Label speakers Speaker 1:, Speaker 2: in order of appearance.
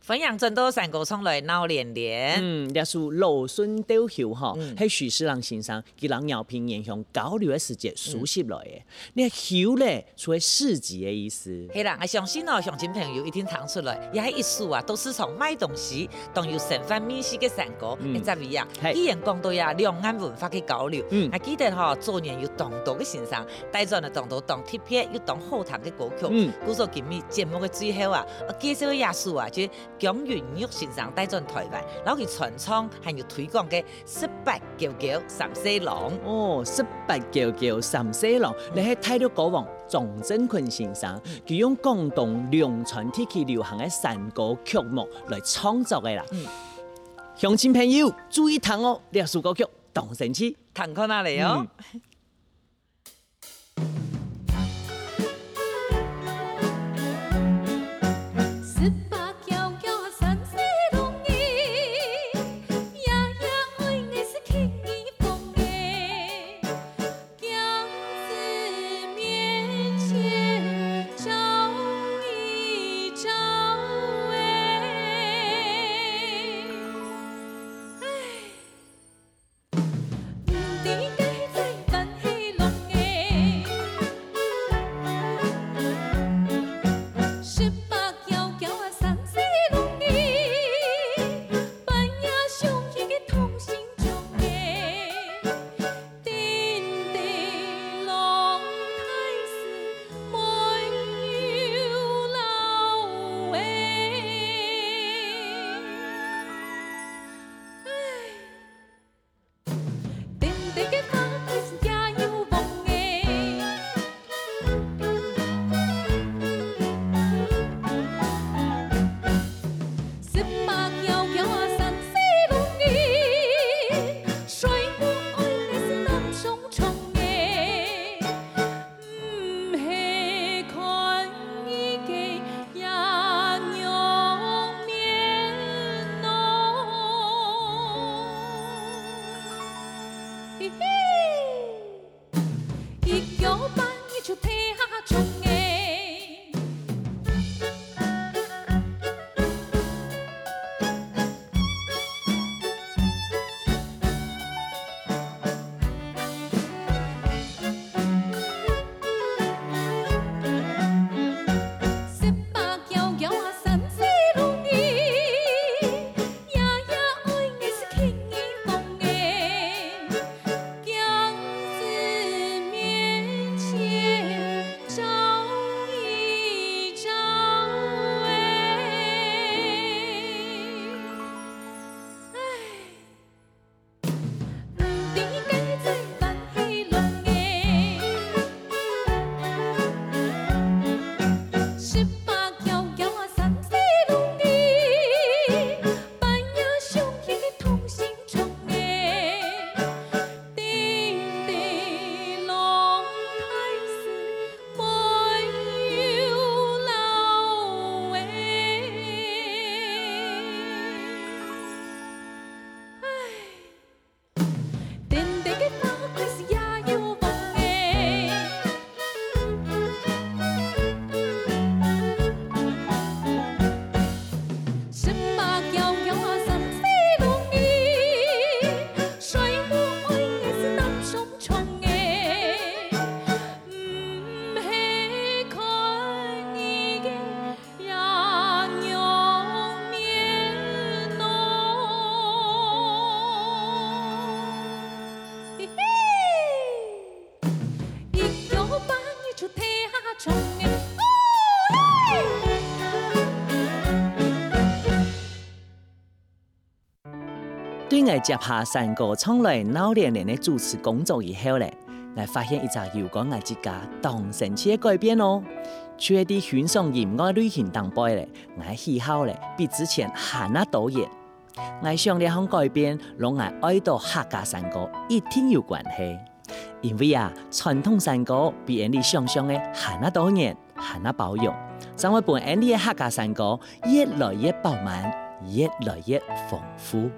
Speaker 1: 分享真多山歌唱來鬧連連，嗯，是老嗯是也是老順鬥圩哈，係徐世郎先生，佢人饒平影響交流嘅時節熟悉來嘅。個、嗯“圩咧，屬於市集嘅意思。係啦，我相信哦，鄉親朋友一定談出來，也係一首啊，都是從賣東西，當有盛繁彌稀嘅山歌。一只位啊，依然講到呀兩岸文化嘅交流。嗯，我、啊、記得哈、哦，昨年有當多嘅先生，帶轉啊當多當貼片，又當好談嘅歌曲。嗯，故作今咪節目嘅最後啊，介紹藝術家啊，就。蔣雲玉先生帶轉台灣，攞去傳唱，係要推廣嘅十八嬌嬌三歲郎。哦，十八嬌嬌三歲郎，你喺睇到歌王仲振坤先生，佢用廣東陽春地區流行嘅山歌曲目來創作嘅啦。鄉親、嗯、朋友注意聽哦，呢首歌曲《蕩神曲》彈開那裡哦。嗯來接下山歌唱來鬧連連嘅主持工作以後咧，嚟發現一隻搖滾愛術家當神奇嘅改變哦。最近選上延安旅行當播咧，愛喜好咧比之前閒得多嘢。我想呢項改變，攏愛愛到客家山歌，一定有關係。因為啊，傳統山歌比人哋想象的閒得多嘢，閒得保養。所以我本呢的客家山歌，越來越飽滿，越來越豐富。